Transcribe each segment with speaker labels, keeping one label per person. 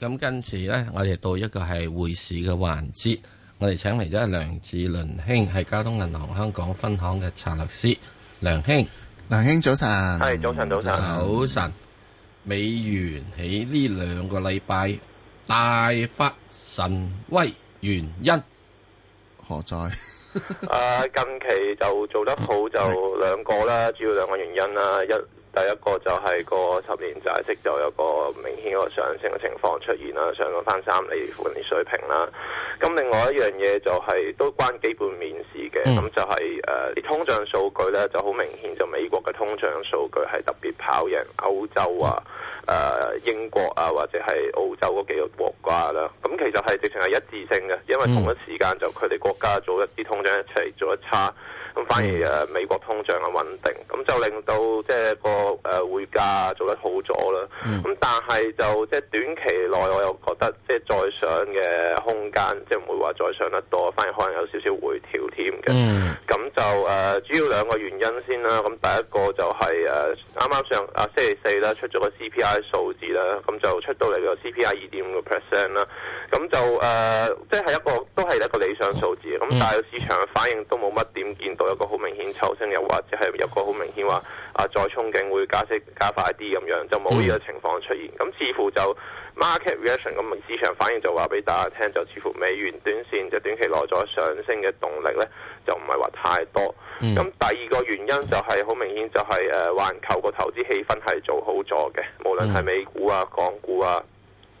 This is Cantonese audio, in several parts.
Speaker 1: 咁跟住呢，我哋到一個係匯市嘅環節，我哋請嚟咗阿梁志麟兄，係交通銀行香港分行嘅策略師。梁兄，梁兄早晨。係 早，早，早晨，早晨。早晨。美元喺呢兩個禮拜大發神威，原因何在？誒
Speaker 2: ，uh, 近期就做得好就兩個啦，主要兩個原因啦，一。第一有一個就係個十年債息就有個明顯個上升嘅情況出現啦，上咗翻三釐附近嘅水平啦。咁另外一樣嘢就係、是、都關基本面嘅事嘅，咁就係、是、誒、呃、通脹數據咧就好明顯，就美國嘅通脹數據係特別跑贏歐洲啊、誒、呃、英國啊或者係澳洲嗰幾個國家啦。咁其實係直情係一致性嘅，因為同一時間就佢哋國家做一啲通脹一齊做得差。咁反而誒、啊、美國通脹嘅穩定，咁、嗯、就令到即係個誒匯價做得好咗啦。咁、嗯、但係就即係短期內我又覺得即係再上嘅空間，即係唔會話再上得多，反而可能有少少回調添嘅。咁、嗯、就誒、呃、主要兩個原因先啦。咁、啊、第一個就係誒啱啱上啊星期四啦出咗個 CPI 數字啦，咁、啊嗯、就出到嚟個 CPI 二點五個 percent 啦。咁就誒即係一個、啊呃就是、一個都係一個理想數字，咁、嗯、但係個市場嘅反應都冇乜點見。有一個好明顯抽升，又或者係有個好明顯話啊再憧憬會加息加快啲咁樣，就冇呢個情況出現。咁、嗯、似乎就 market reaction 咁市場反應就話俾大家聽，就似乎美元短線就短期內咗上升嘅動力咧，就唔係話太多。咁、嗯、第二個原因就係、是、好明顯就係誒環球個投資氣氛係做好咗嘅，無論係美股啊、港股啊，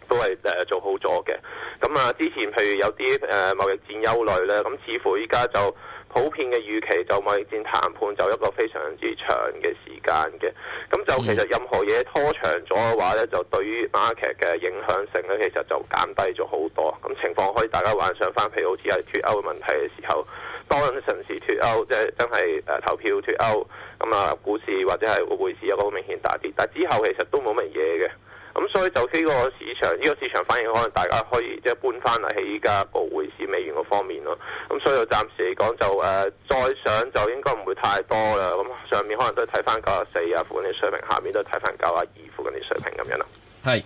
Speaker 2: 都係誒做好咗嘅。咁啊，之前譬如有啲誒、啊、貿易戰憂慮咧，咁似乎依家就普遍嘅預期就貿易戰談判就一個非常之長嘅時間嘅，咁就其實任何嘢拖長咗嘅話咧，就對於 market 嘅影響性咧，其實就減低咗好多。咁情況可以大家幻想返，譬如好似係脱歐嘅問題嘅時候，當陣時脱歐即係真係誒投票脱歐，咁啊股市或者係匯市有個好明顯大跌，但之後其實都冇乜嘢嘅。咁、嗯、所以就呢個市場，呢、呢個市場反應可能大家可以即係搬翻嚟喺而家個匯市美元嗰方面咯。咁、嗯、所以我暫時嚟講就誒、呃、再上就應該唔會太多啦。咁、嗯、上面可能都係睇翻九啊四啊附近啲水平，下面都係睇翻九啊二附近啲水平咁樣
Speaker 1: 咯。係。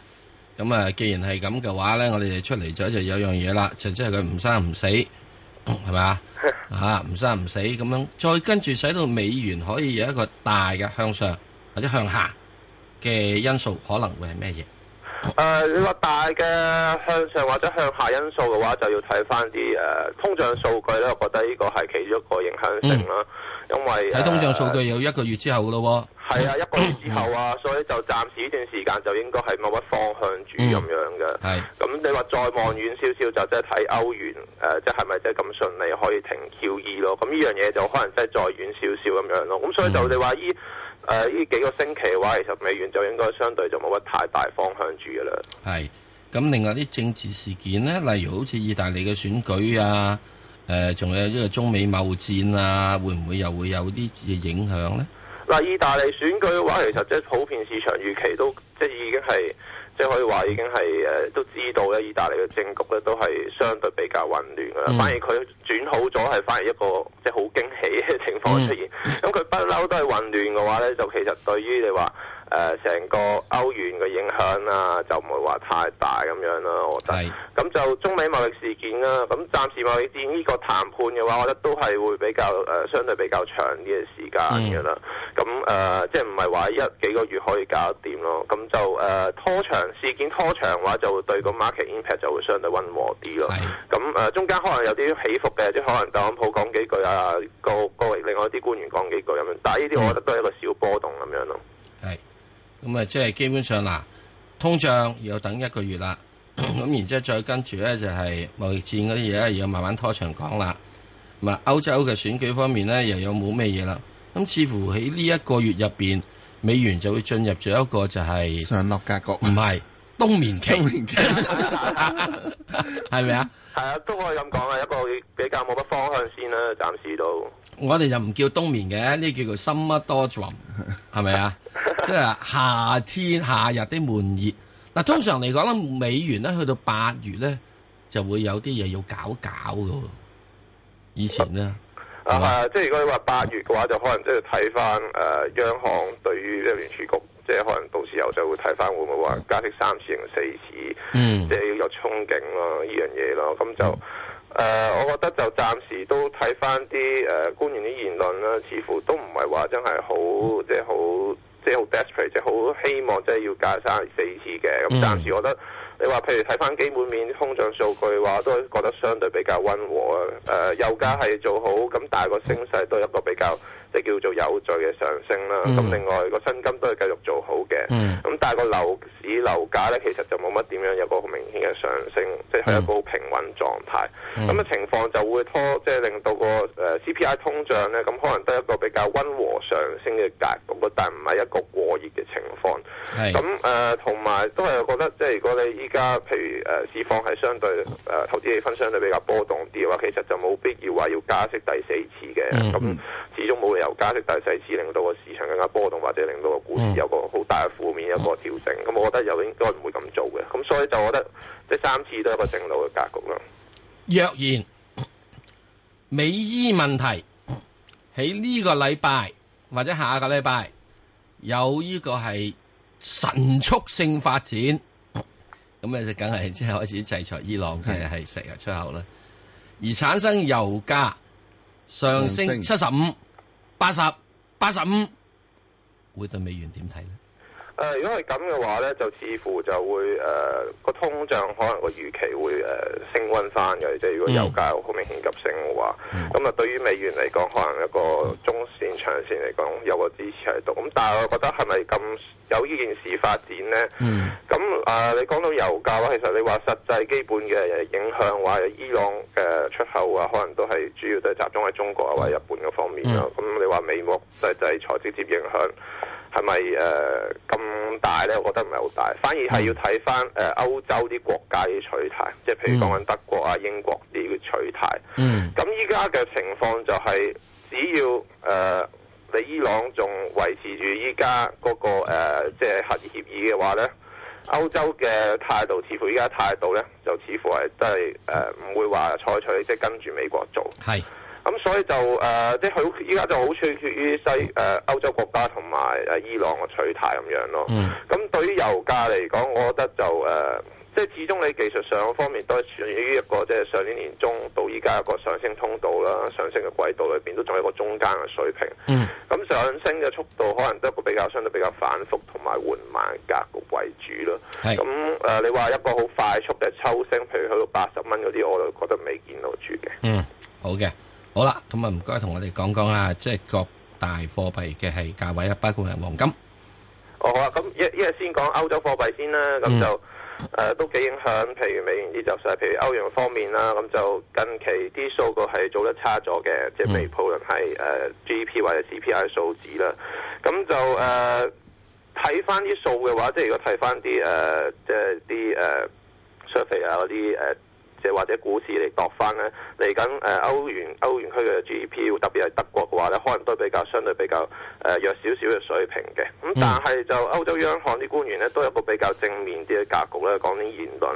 Speaker 1: 咁啊，既然係咁嘅話咧，我哋出嚟咗就有樣嘢啦，就即係佢唔生唔死，係咪 啊？啊，唔生唔死咁樣，再跟住使到美元可以有一個大嘅向上或者向下。嘅因素可能會係咩嘢？誒
Speaker 2: ，uh, 你話大嘅向上或者向下因素嘅話，就要睇翻啲誒通脹數據啦。我覺得呢個係其中一個影響性啦，嗯、因為喺、uh, 通脹數據
Speaker 1: 有一個月之後嘅咯喎。
Speaker 2: 係啊，一個月之後啊，嗯、所以就暫時呢段時間就應該係冇乜方向主咁、嗯、樣嘅。係是。咁你話再望遠少少，就即係睇歐元誒，即係係咪即係咁順利可以停 QE 咯？咁呢樣嘢就可能即係再遠少少咁樣咯。咁所以就你話依。嗯嗯誒、呢、呃、幾個星期嘅話，其實美元就應該相對就冇乜太大方向
Speaker 1: 住嘅啦。係，咁另外啲政治事件呢，例如好似意大利嘅選舉啊，誒、呃，仲有呢個中美貿戰啊，會唔會又會有啲嘅影響呢？
Speaker 2: 嗱、呃，意大利選舉嘅話，其實即係普遍市場預期都即係、就是、已經係。即係可以話已經係誒、呃、都知道咧，意大利嘅政局咧都係相對比較混亂嘅啦。嗯、反而佢轉好咗係反而一個即係好驚喜嘅情況出現。咁佢不嬲都係混亂嘅話咧，就其實對於你話，誒成、呃、個歐元嘅影響啊，就唔會話太大咁樣啦。我覺得。咁就中美貿易事件啦，咁暫時貿易戰呢個談判嘅話，啊、我覺得都係會比較誒相對比較長啲嘅時間嘅啦。咁誒即係唔係話一幾個月可以搞掂咯。咁就誒拖長事件拖長嘅話，就會對個 market impact 就會相對溫和啲咯。咁誒中間可能有啲起伏嘅，即可能特朗普講幾句啊，個個另外一啲官員講幾句咁樣，但係呢啲我覺得都係一個小波動咁樣咯。係是。嗯
Speaker 1: 咁啊，即係基本上啦，通脹要等一個月啦，咁然之後再跟住咧就係貿易戰嗰啲嘢咧，要慢慢拖長講啦。咁啊，歐洲嘅選舉方面咧，又有冇咩嘢啦？咁似乎喺呢一個月入邊，美元就會進入咗一個就係、是、上落格局，唔係冬眠期，係咪啊？係 啊 是、嗯，都可以咁講
Speaker 2: 啊，一個比較冇乜方向先
Speaker 1: 啦、啊，暫時都。我哋就唔叫冬眠嘅，呢叫做 summer doldrums，係咪啊？即係夏天夏日啲悶熱。嗱，通常嚟講咧，美元咧去到八月咧就會有啲嘢要搞搞嘅。以前咧，啊，
Speaker 2: 即係如果你話八月嘅話，就可能即係睇翻誒央行對於呢個聯儲局，即係可能到時候就會睇翻會唔會話加息三次定四次，
Speaker 3: 嗯，即係
Speaker 2: 要有憧憬咯呢樣嘢咯，咁就。誒，uh, 我覺得就暫時都睇翻啲誒官員啲言論啦，似乎都唔係話真係好、mm.，即係好，即係好 desperate，即係好希望，即係要加三、四次嘅。咁、嗯、暫時我覺得你話，譬如睇翻基本面通脹數據話，都覺得相對比較溫和啊。誒，油價係做好，咁大個升勢都係一個比較。Mm. 即叫做有序嘅上升啦。咁、嗯、另外個薪金都係繼續做好嘅。咁、嗯、但係個樓市樓價咧，其實就冇乜點樣有個好明顯嘅上升，即係、嗯、一個平穩狀態。咁嘅、嗯、情況就會拖，即、就、係、是、令到個誒 CPI 通脹咧，咁可能得一個比較溫和上升嘅格局，但唔係一個過熱嘅情況。咁誒同埋都係我覺得，即係如果你依家譬如誒、呃、市況係相對誒、呃、投資氣氛相對比較波動啲嘅話，其實就冇必要話要加息第四次嘅咁。嗯嗯始終冇理由加息，大係使令到個市場更加波動，或者令到個股市有個好大嘅負面一個調整。咁我覺得又應該唔會咁做嘅。咁所以就我覺得，即三次都係一個正路嘅格局咯。
Speaker 1: 若然美伊問題喺呢個禮拜或者下個禮拜有呢個係神速性發展，咁你就梗係即係開始制裁伊朗嘅係石油出口啦，而產生油價。上升七十五、八十、八十五，會對美元點睇呢？
Speaker 2: 誒、呃，如果係咁嘅話咧，就似乎就會誒個、呃、通脹可能個預期會誒、呃、升溫翻嘅。即係如果油價好明顯急升嘅話，咁啊、嗯、對於美元嚟講，可能一個中線、長線嚟講有個支持喺度。咁但係我覺得係咪咁有呢件事發展咧？嗯。咁啊、呃，你講到油價話，其實你話實際基本嘅影響話，伊朗嘅出口啊，可能都係主要都係集中喺中國啊、或者日本嘅方面咯。咁、嗯嗯、你話美國制裁直接影響。係咪誒咁大咧？我覺得唔係好大，反而係要睇翻誒歐洲啲國家嘅取態，即係譬如講緊德國啊、嗯、英國啲嘅取態。嗯。咁依家嘅情況就係、是，只要誒你、呃、伊朗仲維持住依家嗰個、呃、即係核協議嘅話咧，歐洲嘅態度，似乎依家態度咧，就似乎係真係誒唔會話採取即係跟住美國做。係。咁、嗯、所以就誒，即係好依家就好處於西誒、呃、歐洲國家同埋誒伊朗嘅取態咁樣咯。咁、嗯、對於油價嚟講，我覺得就誒、呃，即係始終你技術上方面都係處於一個即係上年年中到而家一個上升通道啦，上升嘅軌道裏邊都仲有一個中間嘅水平。咁、嗯、上升嘅速度可能都一個比較相對比較反覆同埋緩慢格為主咯。咁誒是、呃，你話一個好快速嘅抽升，譬如去到八十蚊嗰啲，我就覺得未見到住
Speaker 1: 嘅。嗯，好嘅。好啦，咁啊，唔該，同我哋講講啊，即係各大貨幣嘅係價位啊，包括係黃金。
Speaker 2: 哦，好啊，咁一一係先講歐洲貨幣先啦，咁、嗯、就誒、呃、都幾影響。譬如美元呢就勢，譬如歐元方面啦，咁就近期啲數據係做得差咗嘅，即係譬如不論係誒 GDP 或者 CPI 數字啦。咁就誒睇翻啲數嘅話，即係如果睇翻啲誒即係啲誒息費啊嗰啲誒。呃或者股市嚟度翻咧，嚟緊誒歐元歐元區嘅 GDP，特別係德國嘅話咧，可能都比較相對比較誒、呃、弱少少嘅水平嘅。咁、嗯、但係就歐洲央行啲官員咧，都有個比較正面啲嘅格局咧，講啲言論。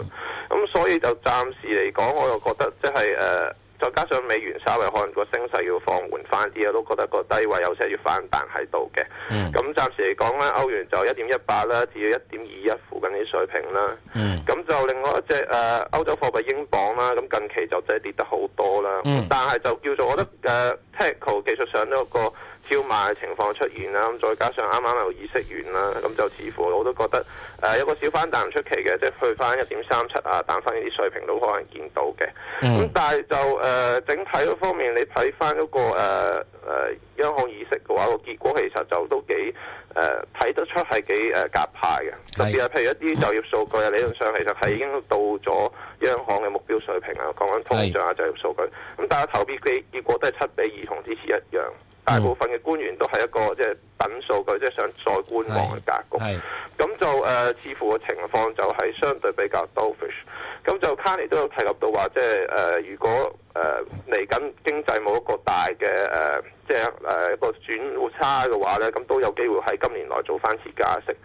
Speaker 2: 咁、嗯、所以就暫時嚟講，我又覺得即係誒。呃再加上美元稍微可能個升勢要放緩翻啲，我都覺得個低位有些要反彈喺度嘅。咁、嗯、暫時嚟講咧，歐元就一點一八啦，至到一點二一附近啲水平啦。咁、嗯、就另外一隻誒、呃、歐洲貨幣英鎊啦，咁近期就真係跌得好多啦。嗯、但係就叫做我覺得誒 technical、呃、技術上都有個超賣情況出現啦，咁再加上啱啱有議息完啦，咁就似乎我都覺得誒一、呃、個小反彈唔出奇嘅，即係去翻一點三七啊，彈翻呢啲水平都可能見到嘅。咁、嗯、但係就誒、呃、整體方面，你睇翻嗰個誒、呃呃、央行議息嘅話，個結果其實就都幾誒睇得出係幾誒夾派嘅，特別係譬如一啲就業數據啊，理論上其實係已經到咗央行嘅目標水平啊，講緊通脹啊就業數據，咁但係投票嘅結果都係七比二同之前一樣。大部分嘅官員都係一個即係等數據，即係想再觀望嘅格局。咁就誒，似乎個情況就係相對比較 dovish。咁就卡尼都有提及到話，即係誒，如果誒嚟緊經濟冇一個大嘅誒，即係誒一個轉差嘅話咧，咁都有機會喺今年內做翻次加息。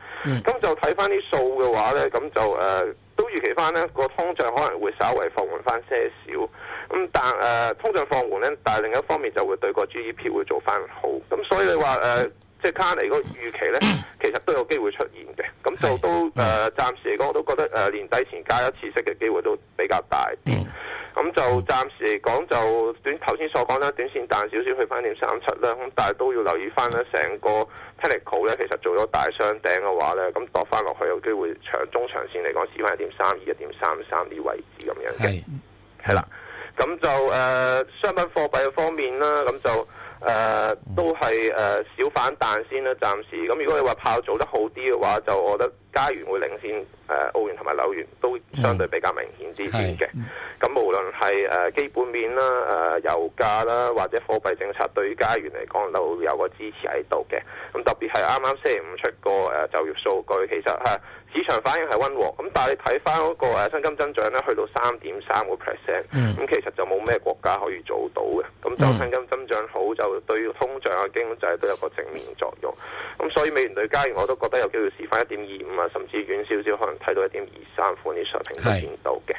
Speaker 2: 咁就睇翻啲數嘅話咧，咁就誒都預期翻咧個通脹可能會稍微放緩翻些少。咁但誒通脹放緩咧，但係另一方面就會對個 GEP 會做翻好。咁所以你話誒，即係卡尼嗰個預期咧，其實都有機會出現嘅。咁就都誒，暫時嚟講，我都覺得誒年底前加一次息嘅機會都比較大啲。咁就暫時嚟講，就頭先所講啦，短線彈少少，去翻一點三七啦。咁但係都要留意翻咧，成個 technical 咧，其實做咗大雙頂嘅話咧，咁落翻落去有機會長中長線嚟講，試翻一點三二、一點三三呢位置咁樣嘅。係。係啦。咁就誒、呃、商品貨幣嘅方面啦，咁就誒、呃、都係誒、呃、小反彈先啦，暫時咁如果你話炮做得好啲嘅話，就我覺得。加元會領先誒、呃、澳元同埋紐元，都相對比較明顯啲嘅。咁、mm. 無論係誒基本面啦、誒、呃、油價啦，或者貨幣政策對於，對於加元嚟講都有個支持喺度嘅。咁特別係啱啱星期五出個誒就業數據，其實係、啊、市場反應係溫和。咁但係你睇翻嗰個薪金增長咧，去到三點三個 percent，咁其實就冇咩國家可以做到嘅。咁就薪金增長好就對通脹嘅經濟都有個正面作用。咁所以美元對加元我都覺得有機會試翻一點二五。甚至遠少少，可能睇到一點二三款，呢上停息見到嘅。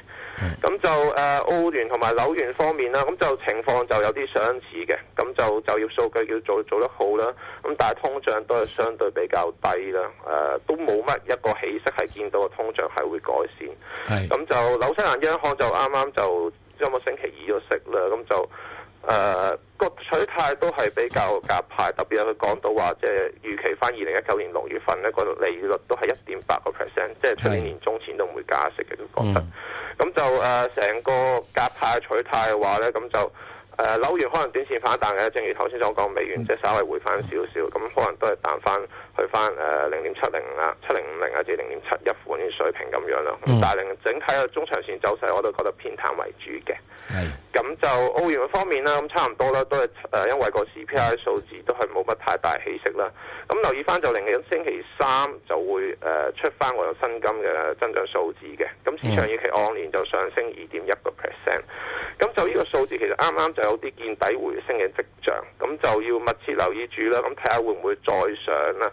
Speaker 2: 咁就誒、呃、澳元同埋紐元方面啦，咁就情況就有啲相似嘅，咁就就業數據要做做得好啦，咁但係通脹都係相對比較低啦，誒、呃、都冇乜一個起色係見到個通脹係會改善，咁是就紐西蘭央行就啱啱就上個星期二咗息啦，咁就。誒個、uh, 取態都係比較夾派，特別係佢講到話，即係預期翻二零一九年六月份咧個利率都係一點八個 percent，即係出年年中前都唔會加息嘅，都覺得。咁就誒成、呃、個夾派取態嘅話咧，咁就誒紐元可能短線反彈嘅，正如頭先所講，美元即係、mm. 稍微回翻少少，咁可能都係彈翻。去翻誒零點七零啊、七零五零啊，或者零點七一款嘅水平咁樣咯。嗯、但係整體嘅中長線走勢，我都覺得偏淡為主嘅。咁是就澳元方面啦，咁差唔多啦，都係誒、呃，因為個 CPI 數字都係冇乜太大起色啦。咁留意翻就，零一星期三就會誒出翻我有薪金嘅增長數字嘅。咁市場預期按年就上升二點一個 percent。咁就呢個數字其實啱啱就有啲見底回升嘅跡象，咁就要密切留意住啦。咁睇下會唔會再上啦？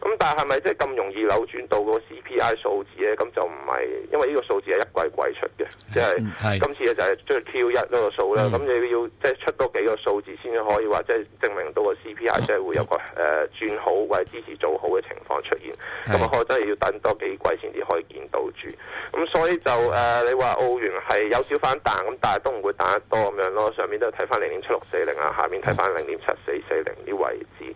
Speaker 2: 咁但係係咪即係咁容易扭轉到個 CPI 數字咧？咁就唔係，因為呢個數字係一季季出嘅，即係是今次咧就係即係 Q 一嗰個數啦。咁你、嗯、要即係、就是、出多幾個數字先至可以話即係證明到個 CPI 即係會有個誒轉、呃、好或者支持做好嘅情況出現。咁啊、哦，可真係要等多幾季先至可以見到住。咁是所以就誒、呃，你話澳元係有少反彈，咁但係都唔會彈得多咁樣咯。上面都睇翻零點七六四零啊，下面睇翻零點七四四零啲位置。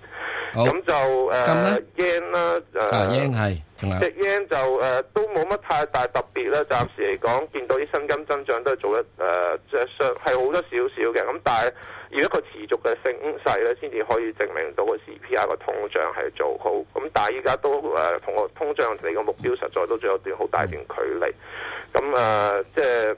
Speaker 2: 咁好就誒。呃 yen 啦，誒，yen 即 yen 就誒、呃、都冇乜太大特別啦。暫時嚟講，見到啲薪金增長都係做得誒，即係上係好多少少嘅。咁但係，如果個持續嘅升勢咧，先至可以證明到個 CPI 個通脹係做好。咁但係依家都誒同個通脹嚟個目標，實在都仲有段好大段距離。咁誒、嗯呃，即係。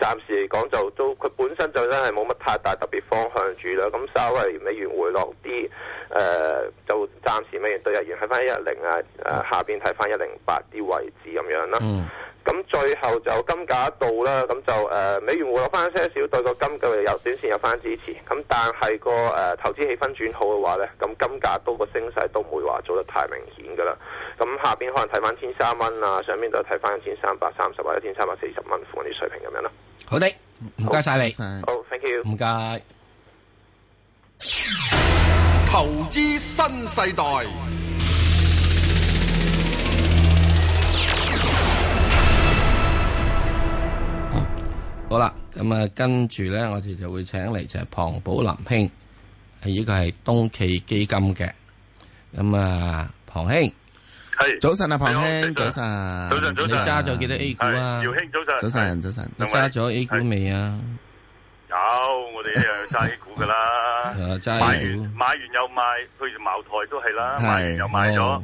Speaker 2: 暫時嚟講就都佢本身就真係冇乜太大特別方向住啦，咁稍微美元回落啲，誒、呃、就暫時美元兌日元喺翻一一零啊，誒、呃、下邊睇翻一零八啲位置咁樣啦。咁、嗯、最後就金價一度啦，咁就誒、呃、美元回落翻一些少，對個金價由短線有翻支持。咁但係、那個誒、呃、投資氣氛轉好嘅話咧，咁金價多個升勢都唔會話做得太明顯噶啦。咁下邊可能睇翻千三蚊啊，上邊就睇翻一千三百三十啊，一千三百四十蚊附近啲水平咁樣啦。
Speaker 1: 好的，唔該晒你，好、oh，thank you，唔該煩。投資新世代， 好啦，咁啊，跟住咧，我哋就會請嚟就係龐寶林兄，係、這、呢個係東驥基金嘅，咁啊，龐兄。係早晨啊，龐兄，早晨，早晨，早晨，你揸咗幾多 A 股啊？兆兄早晨，早晨，早晨，你揸咗 A 股未啊？有，我哋一樣
Speaker 4: 揸 A 股噶啦，買完買完又賣，譬如茅台都係啦，又賣咗，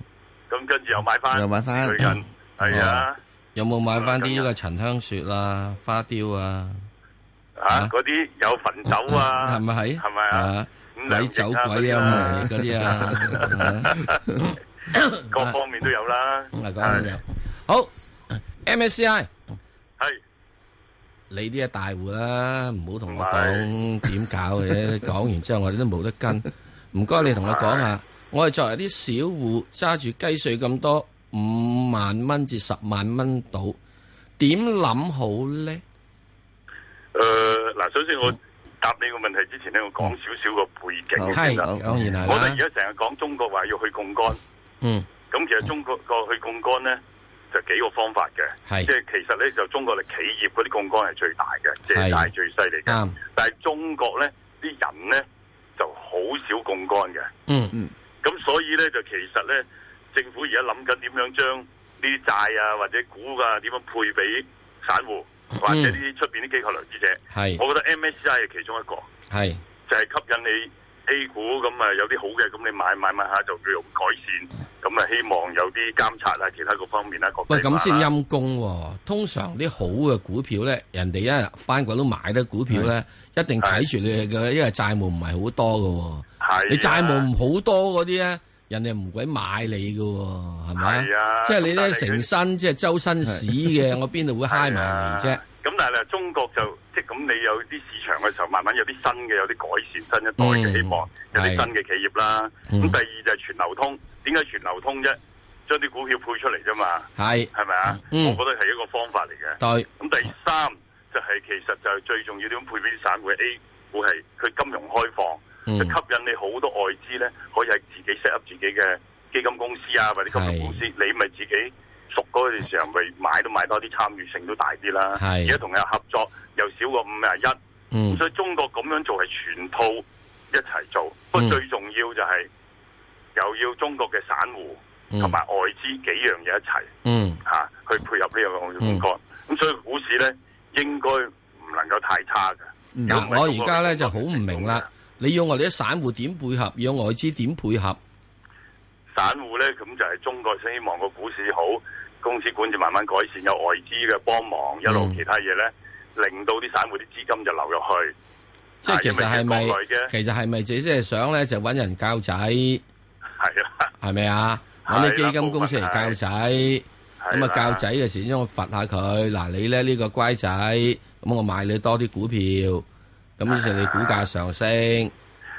Speaker 4: 咁跟住又買翻，又買翻，係啊，
Speaker 1: 有冇買翻啲呢個陳香雪啦、花雕啊？啊，嗰啲有汾酒啊？係咪係？係咪啊？鬼酒鬼音嘅嗰啲啊！各方面都有啦，好，MSCI 係你啲係大戶啦，唔好同我講點搞嘅，講完之後我哋都冇得跟。唔該，你同我講下，我哋作為啲小戶，揸住雞碎咁多五萬蚊至十萬蚊到，點諗好咧？
Speaker 4: 誒，嗱，首先我答你個問題之前咧，我講少少個背景先啦。當然，我哋而家成日講中國話要去杠杆。嗯，咁其實中國過去槓桿咧就幾個方法嘅，是即係其實咧就中國嘅企業嗰啲槓桿係最大嘅，借係大最犀利嘅。嗯、但係中國咧啲人咧就好少槓桿嘅。嗯嗯。咁所以咧就其實咧政府而家諗緊點樣將呢啲債啊或者股啊點樣配俾散戶、嗯、或者呢啲出邊啲機構投資者？係是，我覺得 MSCI 係其中一個，
Speaker 1: 係
Speaker 4: 就係吸引你。是是 A 股咁啊有啲好嘅，咁你買買買下就叫做改善，咁啊希望有啲監察啊，其他各方面啦，各方面啦。喂，咁先陰
Speaker 1: 功。通常啲好嘅股票咧，人哋一日翻國都買得股票咧，的一定睇住你嘅，的因為債務唔係的好多噶。係。你債務唔好多嗰啲咧，人哋唔鬼買你噶，係咪？係啊的。即係你咧成身即係周身屎嘅，我邊度會揩埋你啫？
Speaker 4: 咁但係咧，中國就即係咁，你有啲市場嘅時候，慢慢有啲新嘅，有啲改善，新一代
Speaker 1: 嘅希望，嗯、有
Speaker 4: 啲新嘅企業啦。咁、嗯、第二就係全流通，點解全流通啫？將啲股票配出嚟啫嘛。係、嗯，係咪
Speaker 3: 啊？嗯、我覺得係一個方法嚟嘅。咁對、嗯、第三就
Speaker 4: 係其實就係最重要點樣配俾啲散戶。A 股係
Speaker 3: 佢金融開放，就、嗯、吸引你好多外資咧，可以係
Speaker 4: 自己 set up 自己嘅基金公司啊，或者金融公司，你咪自己。熟嗰個時候咪買都買多啲，參與性都大啲啦。而家同佢合作又少過五呀一，嗯、所以中國咁樣做係全套一齊做。不過、嗯、最重要就係、是、又要
Speaker 3: 中國嘅散戶同埋外資幾樣嘢一齊嚇、嗯啊、去配合呢樣嘅感覺。咁、嗯、所以股
Speaker 1: 市咧應該唔能夠太差嘅。我而家咧就好唔明啦。你要我哋啲散戶點配合，要外資點配合？
Speaker 4: 散戶咧咁就係中國希望個股市好，好。公司管治慢慢改善，有外資嘅幫忙，一路、嗯、其他嘢咧，令到啲散戶啲資金就流入去。
Speaker 1: 即係其實係咪？其實係咪即係想咧？就揾人教仔，係啦啊，係咪啊？揾啲基金公司嚟教仔，咁啊啦教仔嘅時我罰下佢。嗱啦，你咧呢、這個乖仔，咁我買你多啲股票，咁於是你股價上升。啦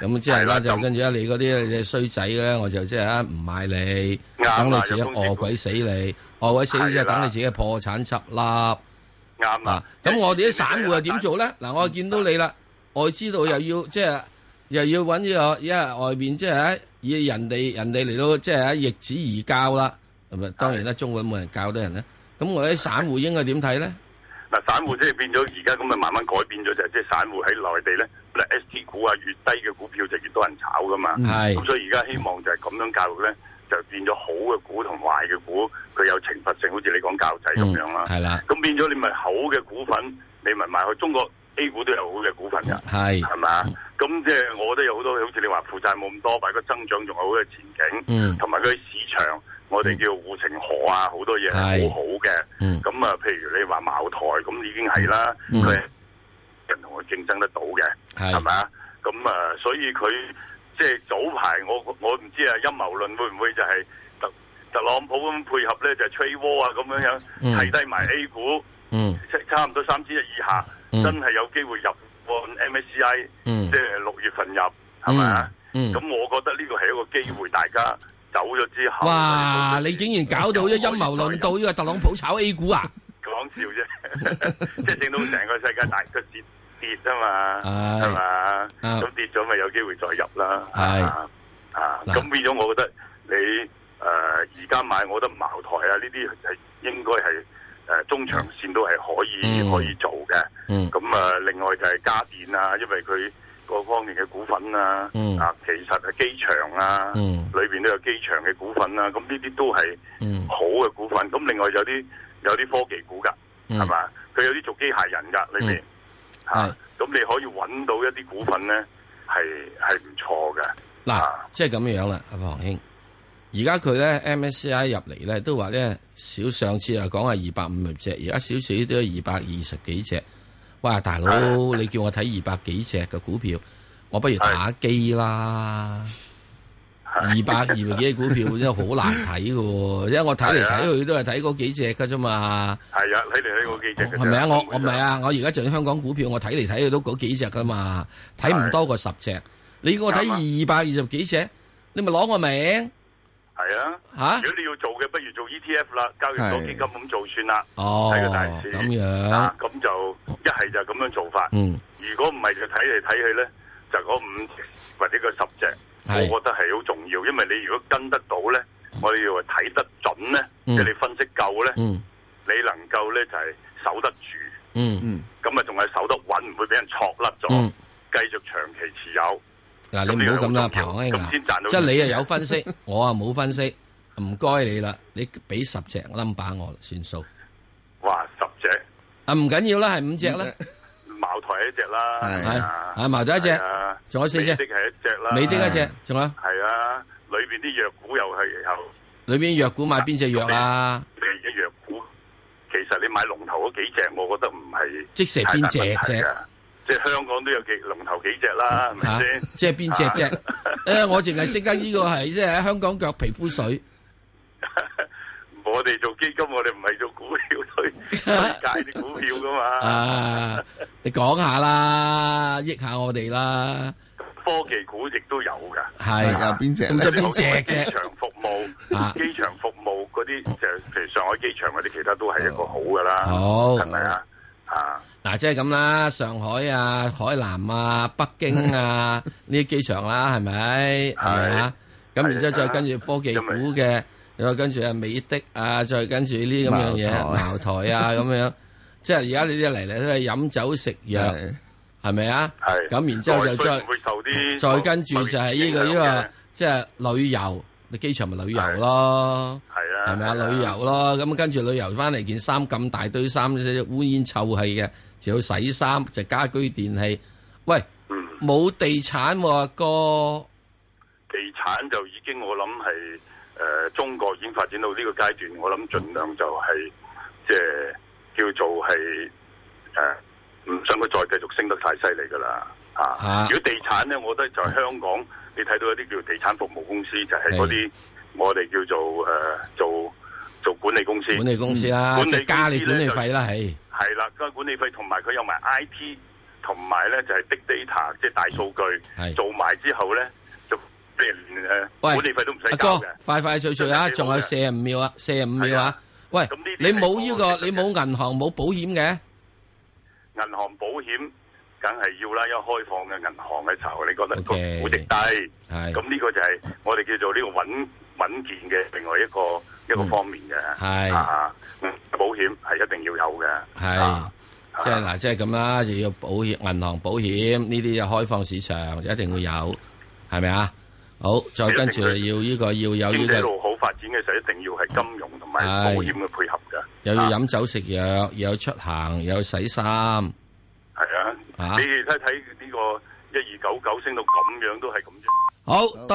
Speaker 1: 咁即係啦，就跟住咧，你嗰啲你衰仔咧，我就即係咧唔買你，等你自己餓鬼死你，餓鬼死你，即係等你自己破產執笠。啱啊！咁我哋啲散戶又點做咧？嗱，我見到你啦，我知道又要即係又要搵呢個，因為外邊即係以人哋人哋嚟到即係喺逆子而教啦，咁啊，當然啦，中文冇人教到人咧，咁我哋啲散戶應該點睇咧？
Speaker 4: 散戶即係變咗而家咁啊，慢慢改變咗就係即係散戶喺內地咧，ST 股啊，越低嘅股票就越多人炒噶嘛。係。咁所以而家希望就係咁樣教育咧，就變咗好嘅股同壞嘅股，佢有懲罰性，好似你講
Speaker 3: 教仔咁樣啦。係啦、嗯。
Speaker 4: 咁變咗你咪好嘅股份，你咪買去中國 A 股都有好嘅股份㗎。係是的 吧。係嘛？咁即係我覺得有好多，好似你話負債冇咁多，但係個增長仲有好嘅前景。嗯。同埋佢市場。我哋叫護城河啊，好多嘢係好好嘅。咁啊，譬如你話茅台，咁、嗯嗯、已經係啦，
Speaker 3: 佢係人
Speaker 4: 同佢競爭得到嘅，係咪啊？咁啊，所以佢即係早排我我唔知啊，陰謀論會唔會就係特特朗普咁配合咧，就係 trade war 啊咁樣樣，提低埋 A 股，嗯嗯嗯、差唔多三千日以下，嗯嗯嗯、真係有機會入按 MSCI，即係六月份入，
Speaker 1: 係咪啊？咁
Speaker 4: 我覺得呢個係一個機會，大家。走咗之後，哇！
Speaker 1: 你竟然搞到一陰謀論到呢個特朗普炒
Speaker 2: A 股啊？
Speaker 4: 講笑啫，即係整到成個世界大佢跌跌啊嘛，係嘛？咁跌咗咪有機會再入啦？係啊，咁變咗我覺得你誒而家買，我覺得茅台啊呢啲係應該係誒中長線都係可以可以做嘅。嗯，咁啊另外就係家電啊，因為佢。各方面嘅股份啊，啊，其實係機場啊，嗯、裏邊都有機場嘅股份啊。咁呢啲都係好嘅股份。咁另外有啲有啲科技股噶，
Speaker 1: 係
Speaker 3: 嘛、嗯？
Speaker 4: 佢吧有啲做機械人噶裏
Speaker 1: 邊，係。
Speaker 4: 咁你可以揾到一啲股份咧，係係唔錯嘅。
Speaker 1: 嗱，即係咁樣樣啦，阿龐兄。而家佢咧 MSCI 入嚟咧，都話咧少上次又講係二百五十隻，而家少少都有二百二十幾隻。喂，大佬，的你叫我睇二百幾隻嘅股票，的我不如打機啦。二百二十幾隻股票真係好難睇嘅，的因為我睇嚟睇去都係睇嗰幾隻嘅啫嘛。係啊，睇嚟睇嗰幾隻。係咪啊？我的我唔係啊，我而家仲香港股票，我睇嚟睇去都嗰幾隻噶嘛，睇唔多過十隻。你叫我睇二百二十幾隻，你咪攞我名？
Speaker 4: 係啊，如果你要做嘅，不如做 ETF 啦，交易到基金咁做算啦，睇個大市。咁樣，咁就一係就係咁樣做法。嗯，如果唔係就睇嚟睇去咧，就嗰五或者個十隻，我覺得係好重要。因為你如果跟得到咧，我哋以為睇得準咧，即係你分析夠咧，
Speaker 3: 你能夠咧就係守得住。嗯嗯，咁啊仲係
Speaker 1: 守得穩，唔會俾人戳甩咗，繼續長期持有。嗱，你唔好咁啦，龐興牙，先賺到，即係你又有分析，我啊冇分析，唔該你啦，你俾十隻 number 我算數。哇，十隻？啊，唔緊要啦，係五隻啦，
Speaker 4: 茅台一隻啦，係啊，係
Speaker 1: 茅台一隻，仲有四隻，美的係一隻啦，美的嗰隻，仲有。
Speaker 4: 係啊，裏邊啲藥股又係又。
Speaker 1: 裏邊藥股買邊隻藥啊？
Speaker 4: 你而家啲藥股，其實你買龍頭嗰幾隻，我覺得唔係。即係邊隻隻？即係香港都有幾龍頭幾隻啦，係咪先？即係邊隻隻？
Speaker 1: 誒，我淨係識得呢個係即係香港腳皮膚水。
Speaker 4: 我哋做基金，我哋唔係做股票
Speaker 1: 推介啲股
Speaker 4: 票噶嘛。啊，
Speaker 1: 你講下啦，益下我哋啦。
Speaker 3: 科技股亦都有噶。
Speaker 1: 係邊隻？咁就邊隻隻？機
Speaker 4: 場服務，機場服務嗰啲，就譬如上海機場嗰啲，其他都
Speaker 1: 係一個好噶啦。好，係咪啊？啊嗱，即係咁啦，上海啊、海南啊、北京啊呢啲機場啦，係咪？係。咁然之後再跟住科技股嘅，再跟住啊美的啊，再跟住呢啲咁樣嘢，茅台啊咁樣。即係而家呢啲嚟嚟都係飲酒食藥，係咪啊？係。咁然之後就再再跟住就係呢個呢個，即係旅遊。啲機場咪旅遊咯，係啦，係咪啊？旅遊咯，咁的跟住旅遊翻嚟件衫，咁大堆衫，只隻污煙臭氣嘅，就要洗衫就家居電器。喂，冇、嗯、地產喎、啊，哥，
Speaker 4: 地產就已經我諗係誒中國已經發展到呢個階段，我諗盡量就係即係叫做係誒，唔、呃、想佢再繼續升得太犀利㗎啦。啊！如果地產咧，我覺得在香港你睇到一啲叫地產服務公司，就係嗰啲我哋叫做誒做做管理公司，管理公司啦，即係加你管理費啦，係係啦，加管理費，同埋佢有埋 IP 同埋咧就係 big data，即係大數據，做埋之後咧就俾人誒管理費都唔使交嘅。阿
Speaker 1: 哥，快快脆脆啊！仲有四十五秒啊，四十五秒啊！喂，咁你冇呢個，你冇銀行冇保險嘅？
Speaker 4: 銀行保險。梗係要啦，因為開放嘅銀行嘅籌，你覺得個估值低，咁呢 Okay. 個就係我哋叫做呢個穩穩健嘅另外一個、嗯、一個方面嘅。
Speaker 1: 係是、啊，
Speaker 4: 保險係一定要有
Speaker 1: 嘅。係是、啊，即係嗱，即係咁啦，就要保險、銀行、保險呢啲嘅開放市場一定會有，係咪啊？好，再跟住要呢、這個要有呢、這個經濟路
Speaker 4: 好發展嘅時候，一定要係金融同埋保險嘅配合㗎。是啊、又
Speaker 1: 要飲酒食藥，又有出行，又有洗衫。啊、你哋睇
Speaker 4: 睇呢個一二九九升到咁樣，都係咁啫。
Speaker 1: 好。